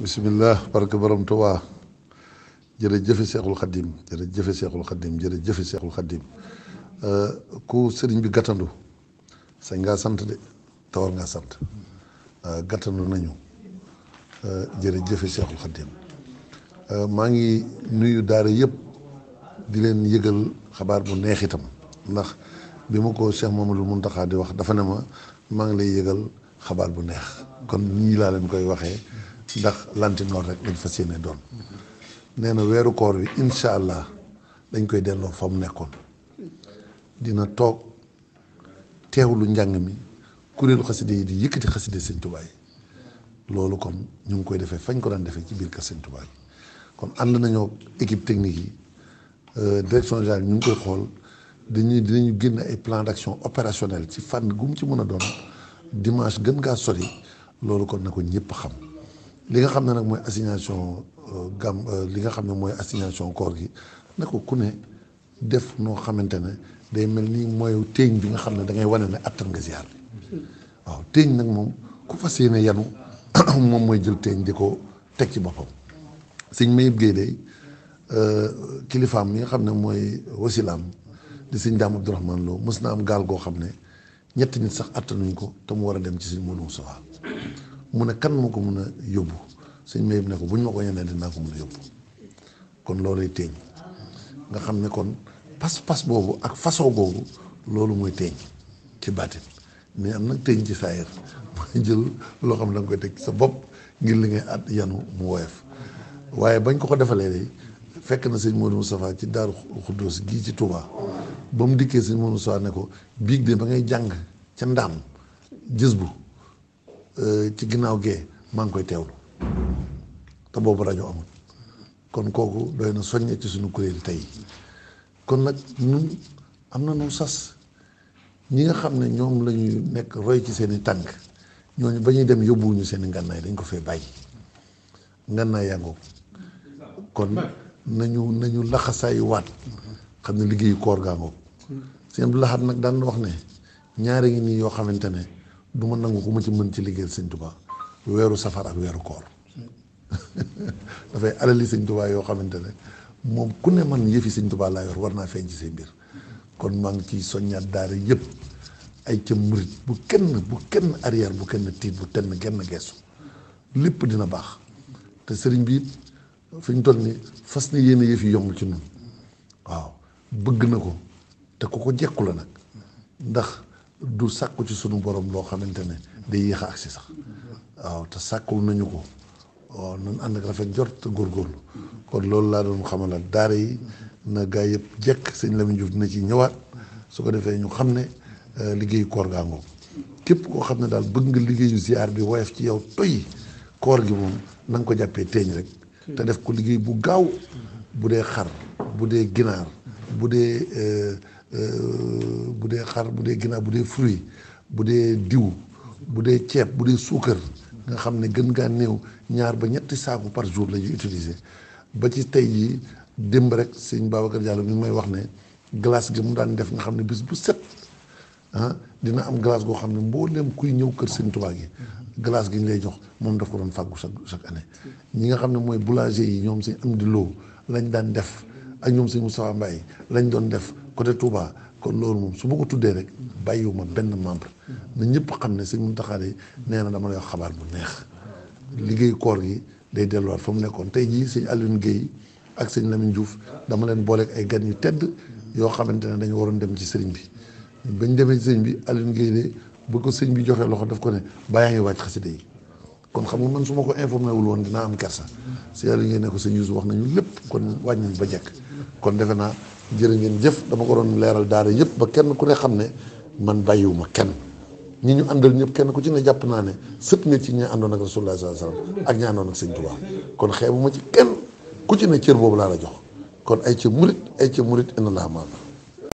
bisimilah barke borom Tuubaa jërëjëfe Seexul Xaddim jërëjëfe Seexul Xaddim jërëjëfe Seexul Xaddim euh, ku sëriñ bi gàttandu sañ ngaa sant de te war ngaa sant euh, gàttandu nañu euh, jërëjëfe Seexul Xaddim maa ngi nuyu daara yëpp di leen yëgal xabaar bu neex itam ndax bi ma ko Cheikh Mamadou Muntaxa di wax dafa ne ma maa ngi lay yëgal xabaar bu neex kon nii laa leen koy waxee. ndax lantinoor rek fas yéene doon nee na weeru koor bi incha allah dañ koy delloo fa mu nekkoon dina toog teewlu njàng mi kuréelu xaside yi di yëkkati xaside sëñ Tuubaa yi loolu kon ñu ngi koy defee fañ ko daan defee ci biir kër sëñ Tuubaa yi kon ànd nañoo équipe technique yi euh, direction générale ñu ngi koy xool dañuy dinañu génn ay plan d'action opérationnel ci fànn gu mu ci mën a doon dimanche gën ngaa sori loolu kon na ko ñëpp xam. li nga xam ne nag mooy assignation euh, gam euh, li nga xam ne mooy assignation koor gi na ku ne def noo xamante ne day mel ni mooy téeñ bi nga xam ne dangay ngay wane ne attan nga ziar bi waaw téeñ nag moom ku fas yéene yanu moom mooy jël teeñ di ko teg ci boppam sëñ Mayib Guèye day euh, kilifaam mi nga xam ne mooy wasilaam di sëñ Daam Abdourahmane Lo mës na am gaal goo xam ne ñetti nit sax attanuñ ko te mu war a dem ci sëñ Moodu Mustafaa mu ne kan moo ko mun a yóbbu sëñ Mayib ne ko bu ñu ma ko ñemee dinaa ko mun a yóbbu kon loolu téeñ nga xam ne kon pas-pas boobu ak façon boobu loolu mooy téeñ ci baatin mais am nag téeñ ci saayir mooy jël loo xam ne koy teg sa bopp ngir li ngay at yanu mu woyof waaye bañ ko ko defalee day fekk na sëñ Modou Moustapha ci Daaru Xuddoos gii ci Touba ba mu dikkee sëñ Modou Moustapha ne ko biig de ba ngay jàng ca ndaam jës bu ci ginnaaw gee maa ngi koy teewlu te boobu rajo amul kon kooku doy na soññe ci suñu kuréel tey kon nag ñun am na nu sas ñi nga xam ne ñoom lañuy nekk roy ci seeni tànk ñooñu ba ñuy dem yóbbuwuñu seeni i ngànnaay dañ ko fee bàyyi ngànnaay yàngoo kon nañu nañu laxasaayu waat xam ne liggéeyu koor gaangoo seen bu laxaat nag daan wax ne ñaari ngi nii yoo xamante ne du ma nangu ku ma ci mën ci liggéey sëñ Tuubaa weeru safar ak weeru koor dafay alali sëñ Tuubaa yoo xamante ne moom ku ne man yëfi sëñ Tuubaa laa yor war naa feeñ ci say mbir kon maa ngi ciy soññaat daara yëpp ay ca murit bu kenn bu kenn arrière bu kenn tiit bu tenn genn geesu lépp dina baax te sëriñ bi fi ñu toll ni fas na yéene yëf yi yomb ci ñun waaw bëgg na ko te ku ko jekku la nag ndax du sàkku ci sunu borom loo xamante ne day yéex a agsi sax waaw te sàkkul nañu ko waaw nan ànd ak rafet njort góor góorgóorlu kon loolu laa doon xamalal daara yi na gaa yëpp jekk sëñ Lamine Diouf dina ci ñëwaat su ko defee ñu xam ne euh, liggéeyu koor gaa ngoog képp koo xam ne daal bëgg nga liggéeyu ziar bi woyof ci yow toy koor gi moom nanga ko jàppee teeñ rek hmm. te def ko liggéey bu gaaw bu dee xar bu dee ginaar bu dee euh, euh, bu dee xar bu dee ginaar bu dee fruit bu dee diw bu dee ceeb bu dee suukar nga xam ne gën ngaa néew ñaar ba ñetti saaku par jour la ñuy utiliser ba ci tey jii démb rek sëñ Babacar Diallo mi ngi mooy wax ne glace gi mu daan def nga xam ne bis bu set ah dina am glace goo xam ne mbooleem kuy ñëw kër sëñ Tuubaa gi glace gi ñu lay jox moom daf ko doon fàggu chaque chaque année ñi nga xam ne mooy boulanger yi ñoom sëñ am di loo lañ daan def ak ñoom sëñ Moustapha mbay lañ doon def côté Touba kon loolu moom su ma ko tuddee rek bàyyiwuma benn membre nañ ñëpp xam ne sëñ Mountakha nee na dama lay wax xabaar bu neex liggéey koor gi day delluwaat fa mu nekkoon tey jii sëñ Alioune Guèye ak sëñ Lamine Diouf dama leen booleeg ay gan yu tedd yoo xamante ne dañu waroon dem ci sëriñ bi bañ demee ci bi Alioune Guèye de bu ko sëñ bi joxee loxo daf ko ne bàyyaa ngi wàcc xasida yi kon xam nga man su ma ko informé wul woon dinaa am kersa si Alioune Guèye ne ko sëñ Youssou wax nañu lépp kon wàññi ba jekk kon defe naa jërë ngeen jëf dama ko doon leeral daara yëpp ba kenn ku ne xam ne man bàyyiwuma kenn ñi ñu àndal ñëpp kenn ku ci ne jàpp naa ne sët nga ci ñi àndoon ak rasulullah sallallahu alayhi wasallam ak ñi àndoon ak sëñ Tuubaa kon bu ma ci kenn ku ci ne cër boobu laa la jox kon ay ca murit ay ci murit inna laa maanaam